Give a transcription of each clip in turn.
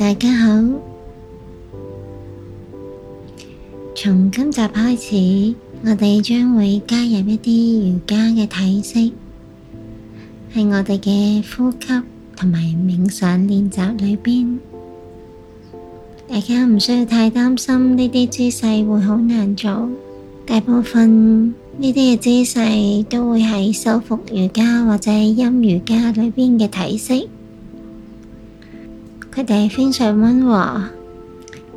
大家好，從今集開始，我哋將會加入一啲瑜伽嘅體式，喺我哋嘅呼吸同埋冥想練習裏邊。大家唔需要太擔心呢啲姿勢會好難做，大部分呢啲嘅姿勢都會係修復瑜伽或者陰瑜伽裏邊嘅體式。佢哋非常溫和，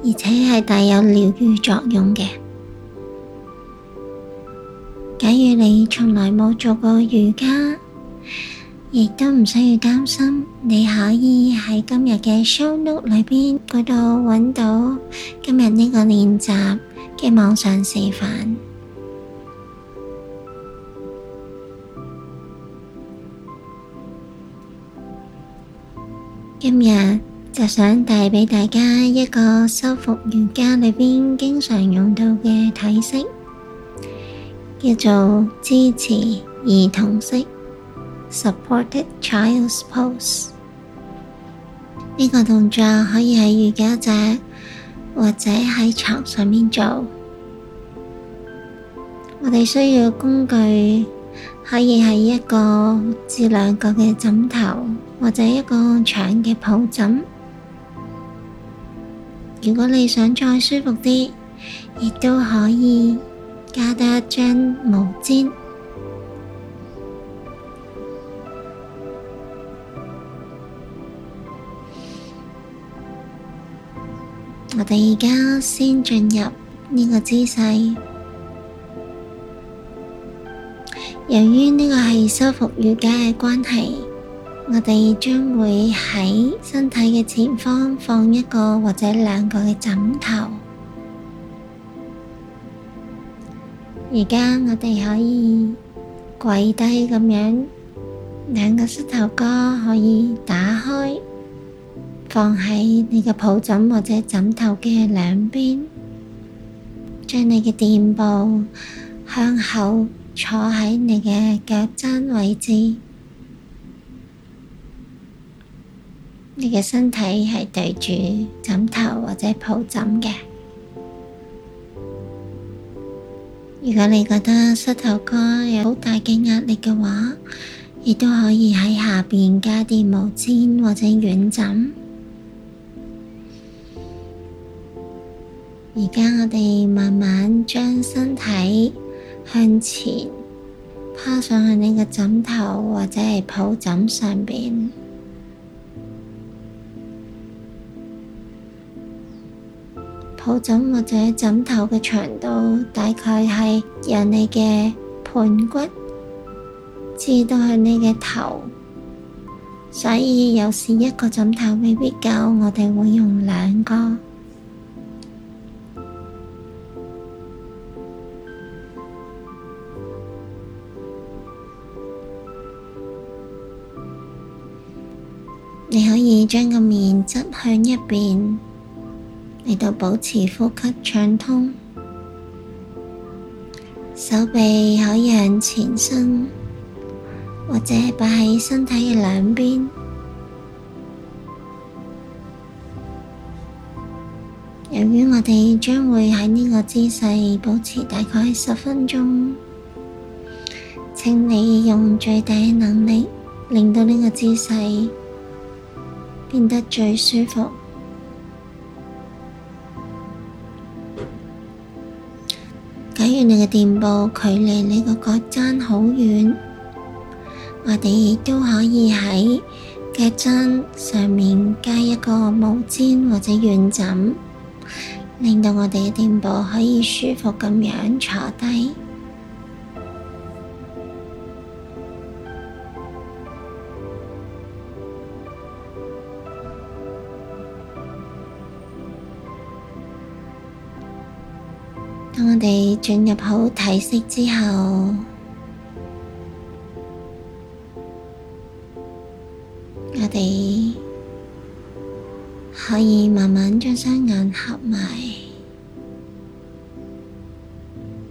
而且係大有療愈作用嘅。假如你從來冇做過瑜伽，亦都唔需要擔心，你可以喺今日嘅 show note 裏邊嗰度揾到今日呢個練習嘅網上示範。今日。就想帶俾大家一個修復瑜伽裏邊經常用到嘅體式，叫做支持兒童式 （Supported Child’s Pose）。呢、這個動作可以喺瑜伽墊或者喺床上面做。我哋需要的工具可以係一個至兩個嘅枕頭，或者一個長嘅抱枕。如果你想再舒服啲，亦都可以加多一張毛氈。我哋而家先進入呢個姿勢。由於呢個是係修復瑜伽嘅關係。我哋將會喺身體嘅前方放一個或者兩個嘅枕頭。而家我哋可以跪低咁樣，兩個膝頭哥可以打開，放喺你嘅抱枕或者枕頭嘅兩邊。將你嘅臀部向後坐喺你嘅腳踭位置。你嘅身體係對住枕頭或者抱枕嘅。如果你覺得膝頭蓋有好大嘅壓力嘅話，亦都可以喺下面加啲毛氈或者軟枕。而家我哋慢慢將身體向前，趴上去你嘅枕頭或者係抱枕上面。抱枕或者枕頭嘅長度大概係由你嘅盤骨至到你嘅頭，所以有時一個枕頭未必夠，我哋會用兩個。你可以將個面側向一邊。嚟到保持呼吸暢通，手臂可以向前伸，或者擺喺身體嘅兩邊。由於我哋將會喺呢個姿勢保持大概十分鐘，請你用最大嘅能力令到呢個姿勢變得最舒服。你嘅墊步距離你個腳踭好遠，我哋亦都可以喺腳踭上面加一個毛氈或者軟枕，令到我哋嘅墊步可以舒服咁樣坐低。我哋進入好體式之後，我哋可以慢慢將雙眼合埋，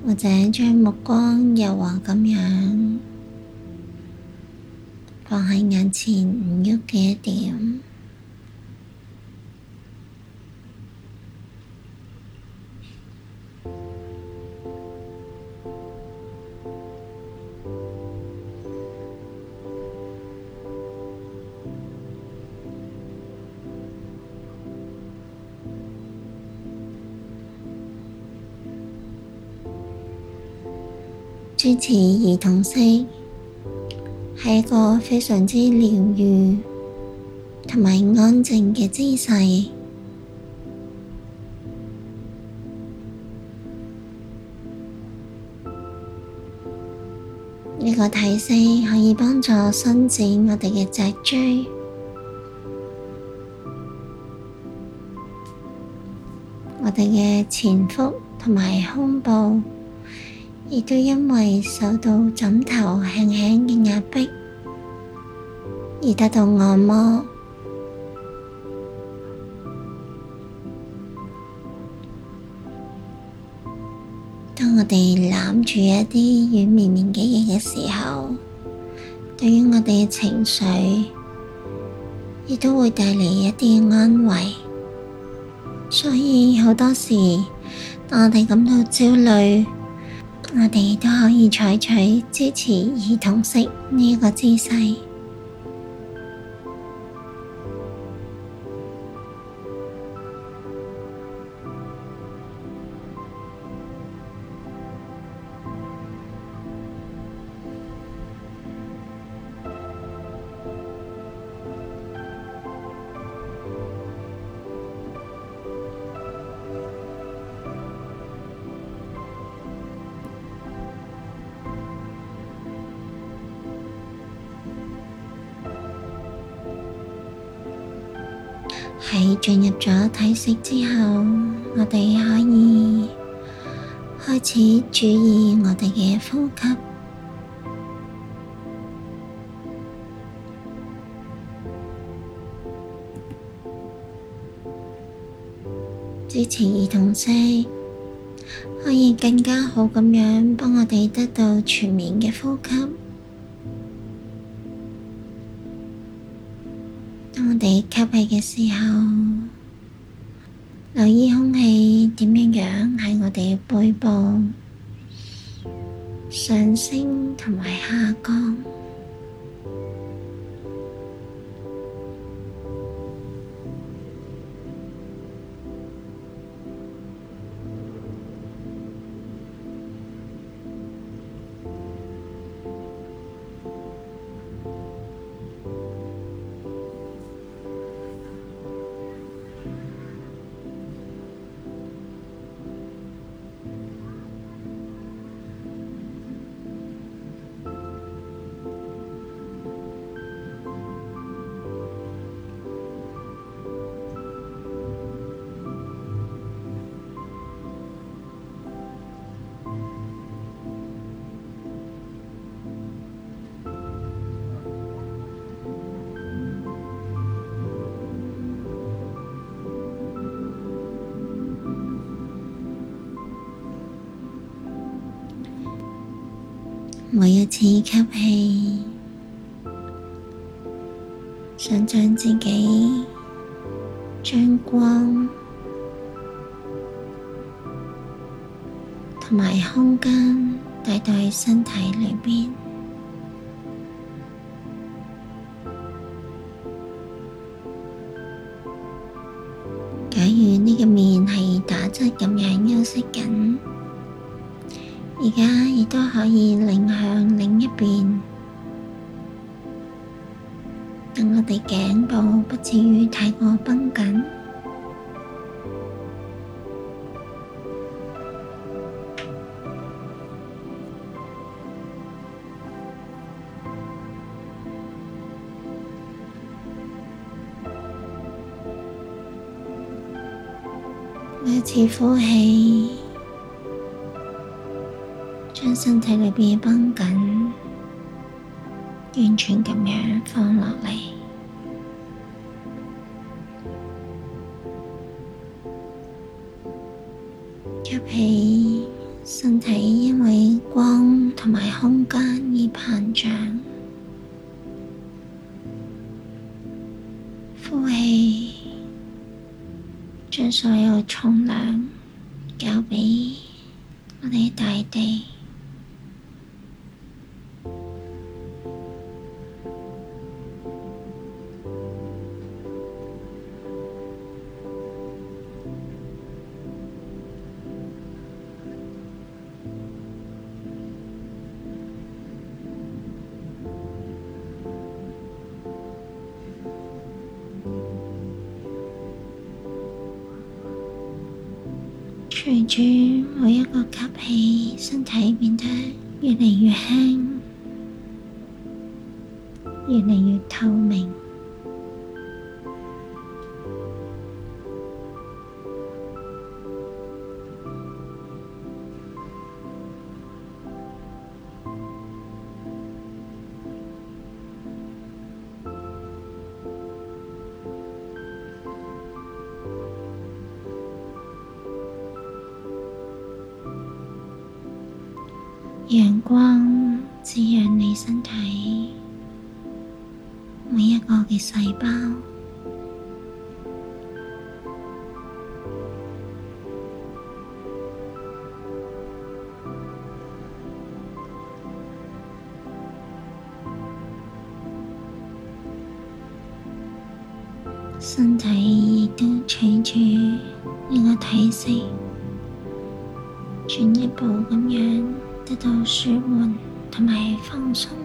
或者將目光柔和咁樣放喺眼前唔喐嘅一點。支持兒童式係一個非常之療愈同埋安靜嘅姿勢。呢個體式可以幫助伸展我哋嘅脊椎、我哋嘅前腹同埋胸部。亦都因為受到枕頭輕輕嘅壓迫而得到按摩。當我哋攬住一啲軟綿綿嘅嘢嘅時候，對於我哋嘅情緒，亦都會帶嚟一啲安慰。所以好多時，當我哋感到焦慮。我哋都可以採取支持兒童式呢個姿勢。進入咗體式之後，我哋可以開始注意我哋嘅呼吸， 支持兒童式，可以更加好咁樣幫我哋得到全面嘅呼吸。吸氣嘅時候，留意空氣點樣樣喺我哋嘅背部上升同埋下降。每一次吸氣，想像自己、將光同埋空間帶到喺身體裏面。假如呢個面係打側咁樣休息緊。而家亦都可以擰向另一邊，令我哋頸部不至於太過繃緊。每一次呼氣。將身體裏邊嘅繃緊，完全咁樣放落嚟，吸氣身體因為光同埋空間而膨脹。呼氣，將所有重量交俾我哋大地。隨住每一個吸氣，身體變得越嚟越輕，越嚟越透明。陽光滋養你身體每一個嘅細胞， 身體亦都隨住呢個體式進一步咁樣。得到舒緩同埋放鬆。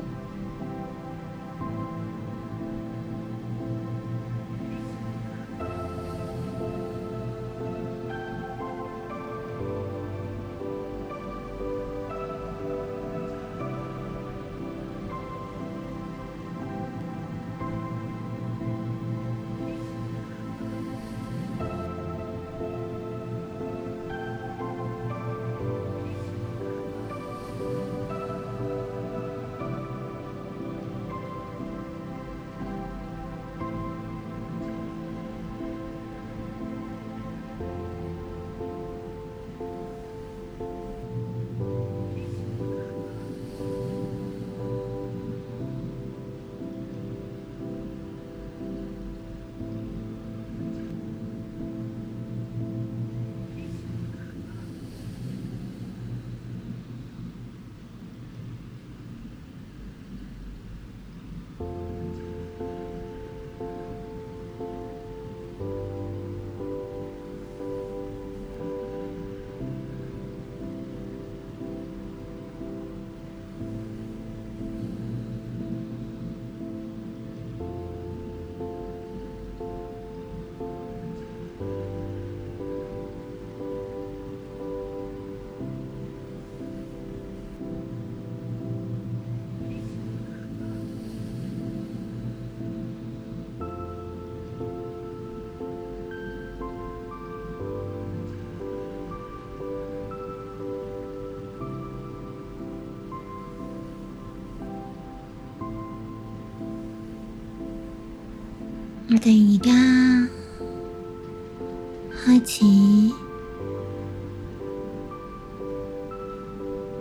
我哋而家開始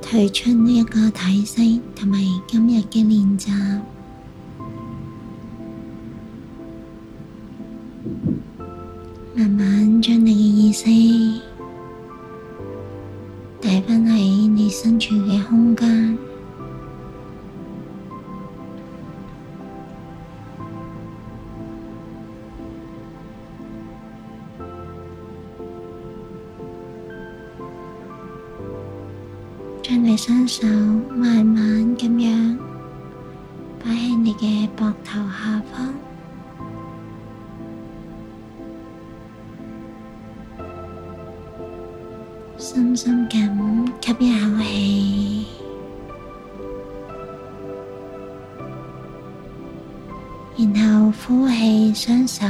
提出呢一個體式，同埋今日嘅練習，慢慢將你嘅意識。你雙手慢慢咁樣擺喺你嘅膊頭下方，深深咁吸一口氣，然後呼氣，雙手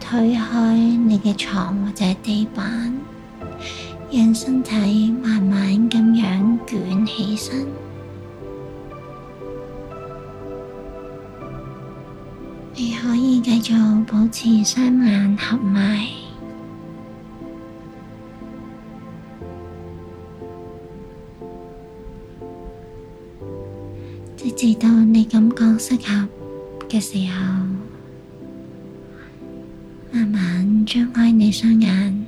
推開你嘅床或者地板。讓身體慢慢咁樣捲起身，你可以繼續保持雙眼合埋，直至到你感覺適合嘅時候，慢慢張開你雙眼。